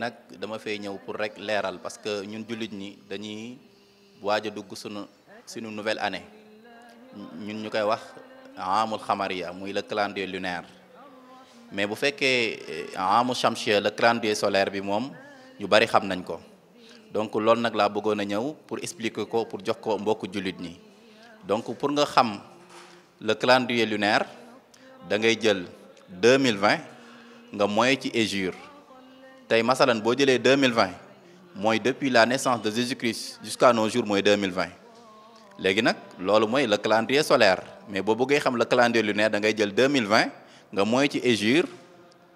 nag dama fee ñëw pour rek leeral parce que ñun jullit ñi dañuy waaj a dugg sunu suñu nouvelle année ñun ñu koy wax amul xamariya muy le calendrier lunaire mais bu fekkee eh, amul chamsiya le calendrier solaire bi moom ñu bari xam nañ ko donc loolu nag laa bëggoon a ñëw pour expliquer ko pour jox ko mbokk jullit ñi donc pour nga xam le calendrier lunaire da ngay jël 2020 nga moy ci hégire tey masalan boo jëlee 2020 mooy depuis la naissance de Jésus-Christ jusqu'à nos jours mooy 2020 léegi nag loolu mooy le calendrier solaire mais boo bëggee xam le calendrier lunaire da ngay jël 2020 nga mooy ci hégire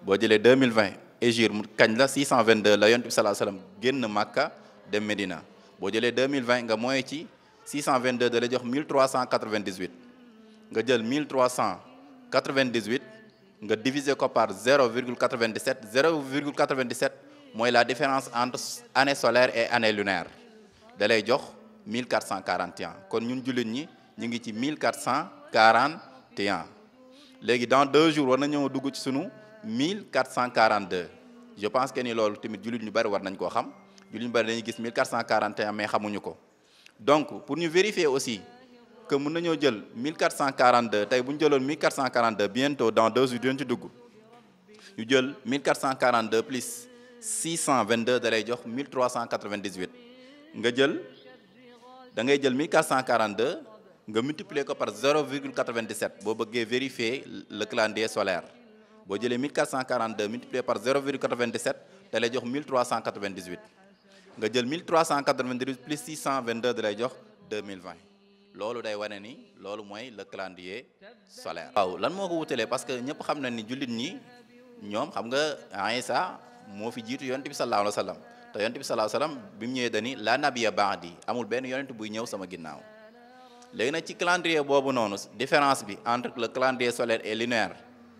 boo jëlee 2020 hégire kañ la 622 la yonent bi salaa salaam génn Màkka dem Médina boo jëlee 2020 nga mooy ci 622 da lay jox 1398 nga jël 1398 nga diviser ko par 0,97 0,97 mooy la différence entre année solaire et année lunaire da lay jox 1441 kon ñun jullit ñi ñu ngi ci 1441 léegi dans deux jours war na ñëw dugg ci sunu 1442 je pense que ni loolu tamit jullit ñu bari war nañ koo xam jullit ñu bari dañuy gis 1441 mais xamuñu ko donc pour ñu vérifier aussi que mën nañoo jël 1442 tey bu ñu jëloon 1442 bientôt dans deux jours dinañ ci dugg ñu jël 1442 plus 622 da lay jox 1398 nga jël da ngay jël 1442 nga multiplier ko par 0,97 boo bëggee vérifier le calendrier solaire boo jëlee 1442 multiplier par 0,97 da lay jox 1398 nga jël 1398 plus 622 da lay jox loolu day wane ni loolu mooy la calendrier solaire. waaw lan moo ko wutalee parce que ñëpp xam na ni jullit ñi ñoom xam nga Isa moo fi jiitu yonent bi sallallahu alayhi wa te yonent bi sallallahu alayhi wa sallam bi mu ñëwee dani la baax ba'di amul benn yonent buy ñëw sama ginnaaw léegi nag ci calendrier boobu noonu différence bi entre le calendrier solaire et lunaire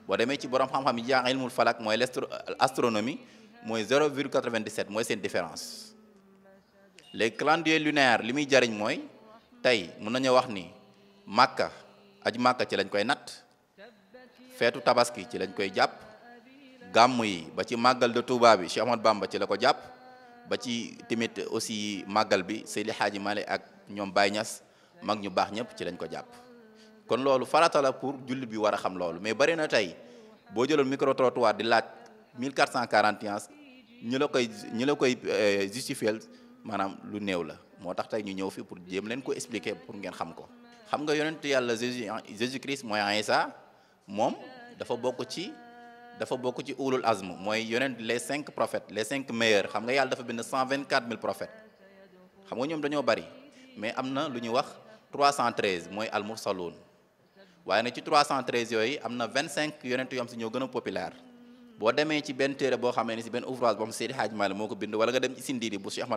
boo demee ci borom xam-xam yi jàng ilmul falak mooy l'astronomie mooy 0,97 mooy seen différence léegi calendrier lunaire li muy jariñ mooy. tey mun nañu wax ni màkka aj màkka ci lañ koy natt feetu tabaski ci lañ koy jàpp gàmm yi ba ci màggal de Touba bi Cheikh Ahmad Bamba ci la ko jàpp ba ci tamit aussi màggal bi Seydi Hadji male ak ñoom Baye Niass mag ñu baax ñëpp ci lañ ko jàpp kon loolu faratala pour jullit bi war a xam loolu mais bari na tey boo jëloon micro trottoir di laaj 1441 ñu la koy ñu la koy euh, justifier maanaam lu néew la moo tax tey ñu ñëw fii pour jéem leen ko expliquer pour ngeen xam ko xam nga yonent yàlla Jésus Jésus Christ mooy Isa moom dafa bokk ci dafa bokk ci ulul azm mooy yonent les cinq prophètes les cinq meilleurs xam nga yàlla dafa bind cent vingt quatre mille prophètes xam nga ñoom dañoo bari mais am na lu ñuy wax trois cent treize mooy al mursaloon waaye nag ci trois cent treize yooyu am na vingt cinq yonent yoo xam si ñoo gën a populaire boo demee ci benn téere boo xamee ni si benn ouvrage moo ko bind wala nga dem ci Sindidi bu Cheikh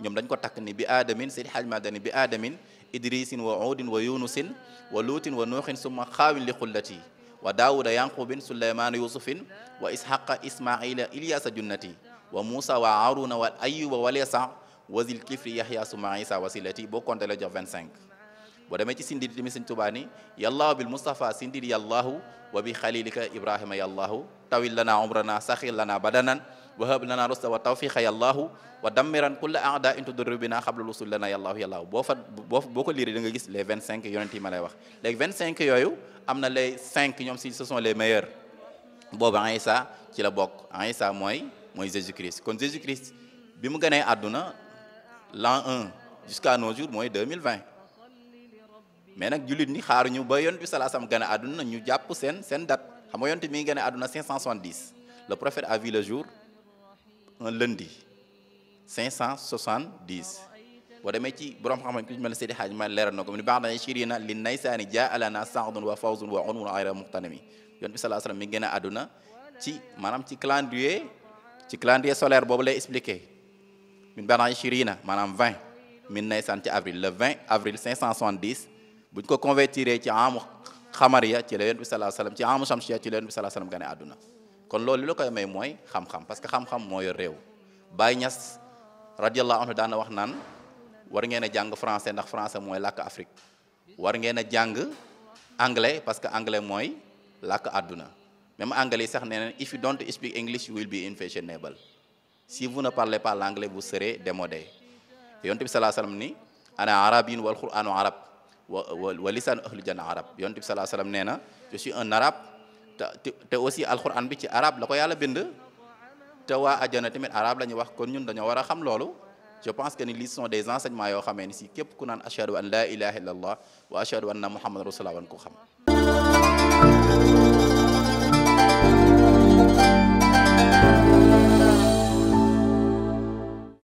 ñoom dañ ko takk ni bi aadamin Seydi Hajj Maalik dani bi aadamin idrisin wa uudin wa yunusin wa luutin wa nuuxin summa xaawin li xullati wa daawuda yanqubin suleymaana yusufin wa ishaqa ismaila ilyaasa junnati wa muusa wa haruna wa ayuba walesa wa zil kifli yahya summa isa wasilati boo compté la jox 25 boo demee ci sindidi tamit Sëñ Tuubaa ni yallaahu bi xalilika ibrahima lana umrana wahab lana rusta wa tawfiqa yallaahu wa dammiran kulla aada in tudurri bina xabla lusul lana yallaahu yallaahu boo fa boo boo ko liiri da nga gis les vingt cinq yonent yi wax léegi vingt cinq yooyu am na cinq ñoom si ce sont les meilleurs boobu Isa ci la bokk Isa mooy mooy Jésus Christ kon Jésus Christ bi mu gënee àdduna l'an 1 jusqu'à nos jours mooy 2020 mais nag jullit ñi xaaruñu ba yonent bi sallallahu alayhi wasallam gën a àdduna ñu jàpp seen seen date xam nga yonent mi ngi gën a àdduna 570 le jour un lundi 570 boo demee ci borom xam-xam ku ci mel ne Seydi Hadj Malick leeral na ko mu ni baax na shirina li naysaani jaa alana saadun wa fawzun wa unwun ayra muxtanami yoon bi salaa salaam mi ci maanaam ci calendrier ci calendrier solaire boobu lay expliqué min baax na shirina maanaam 20 min naysaan ci avril le 20 avril 570 bu ñu ko convertir ci amu xamariya ci la yoon bi salaa salaam ci amu shamsiya ci la yoon bi salaa salaam gane àdduna kon loolu li koy may mooy xam-xam parce que xam-xam moo yor réew Baye Niass radiallahu anhu daana wax naan war ngeen a jàng français ndax français mooy làkk Afrique war ngeen a jàng anglais parce que anglais mooy làkk àdduna même anglais yi sax nee neen if you don't speak English you will be unfashionable si vous ne parlez pas l'anglais vous serez démodé te yonent bi ni ana arabiyun wal qur'anu arab wa wa lisaan ahlu janna arab yonent bi salaa sallam nee na je un arabe te te aussi alquran bi ci arab la ko yàlla bind te waa ajana tamit arab la ñuy wax kon ñun dañoo war a xam loolu je pense que ni liston des enseignements yoo xamee ni si képp ku naan ashhadu an la ilaha illallah wa ashhadu anna muhammadan rasulullah wan ko xam